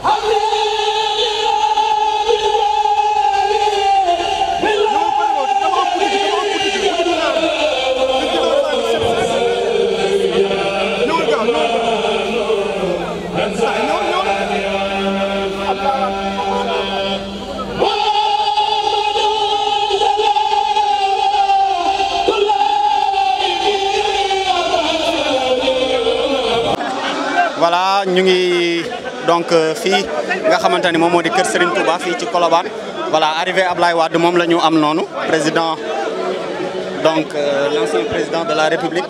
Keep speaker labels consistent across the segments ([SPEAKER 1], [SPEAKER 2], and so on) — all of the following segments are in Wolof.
[SPEAKER 1] Hadi Nous ñu donc euh, fi nga xamantani mom modi keur Serigne Touba fi ci voilà arrivé Ablaye Wade mom lañu am président donc euh, l'ancien président de la République.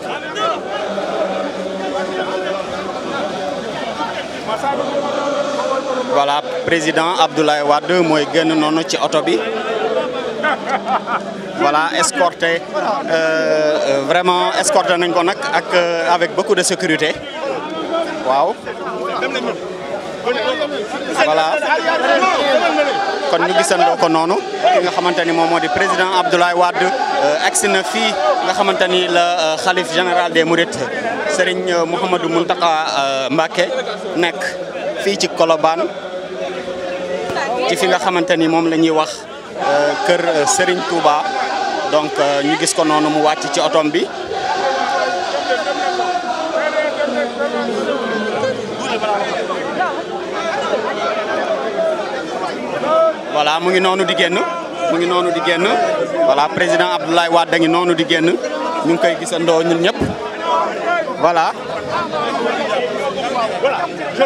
[SPEAKER 1] voilà président Abdoulaye Wade moy genn noonu ci auto bi voilà escorté euh, vraiment escorté avec beaucoup de sécurité. waaw voilà kon ñu gisandoo ko noonu ki nga xamante ni moom moo di président Abdoulaye Wade agsi euh, na fii nga xamante ni la euh, xalif général des Mourides Serigne euh, Mouhamadou Mountakha Mbacké nekk fii ci Colobane ci fi nga xamante ni moom la ñuy wax kër Serigne Touba donc ñu gis ko noonu mu wàcc ci otom bi mu ngi nonu di genn mu ngi nonu di genn voilà président Abdoulaye Wade ngi nonu di genn ñu ngi koy gisandoo ñun ñep voilà.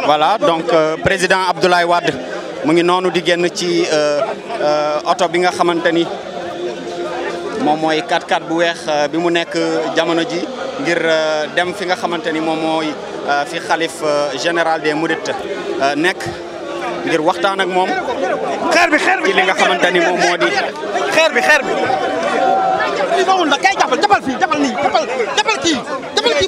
[SPEAKER 1] voilà donc euh, président Abdoulaye Wade mu ngi nonu di genn ci auto euh, euh, bi nga xamanteni mom moy 4x4 bu wex bi mu nek jamono ji ngir dem fi nga xamanteni mom moy fi khalife général des Mourides nek ngir waxtaan ak mom xeer bi xeer bi li nga xamante mom modi moo xeer bi xeer bi. lii bawul nag kay jàppal jàppal fii jàppal nii jàppal jàppal kii jàppal kii.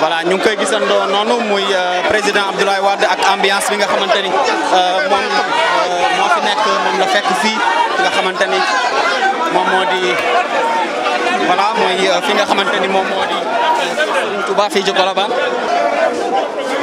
[SPEAKER 1] voilà ñu ngi koy gisandoo noonu muy euh, président Abdoulaye Wade ak ambiance bi nga xamante ni euh, moom euh, fi la fekk nga moo di voilà mooy euh, fi nga xamante ni moom moo di Touba fii ci Colobane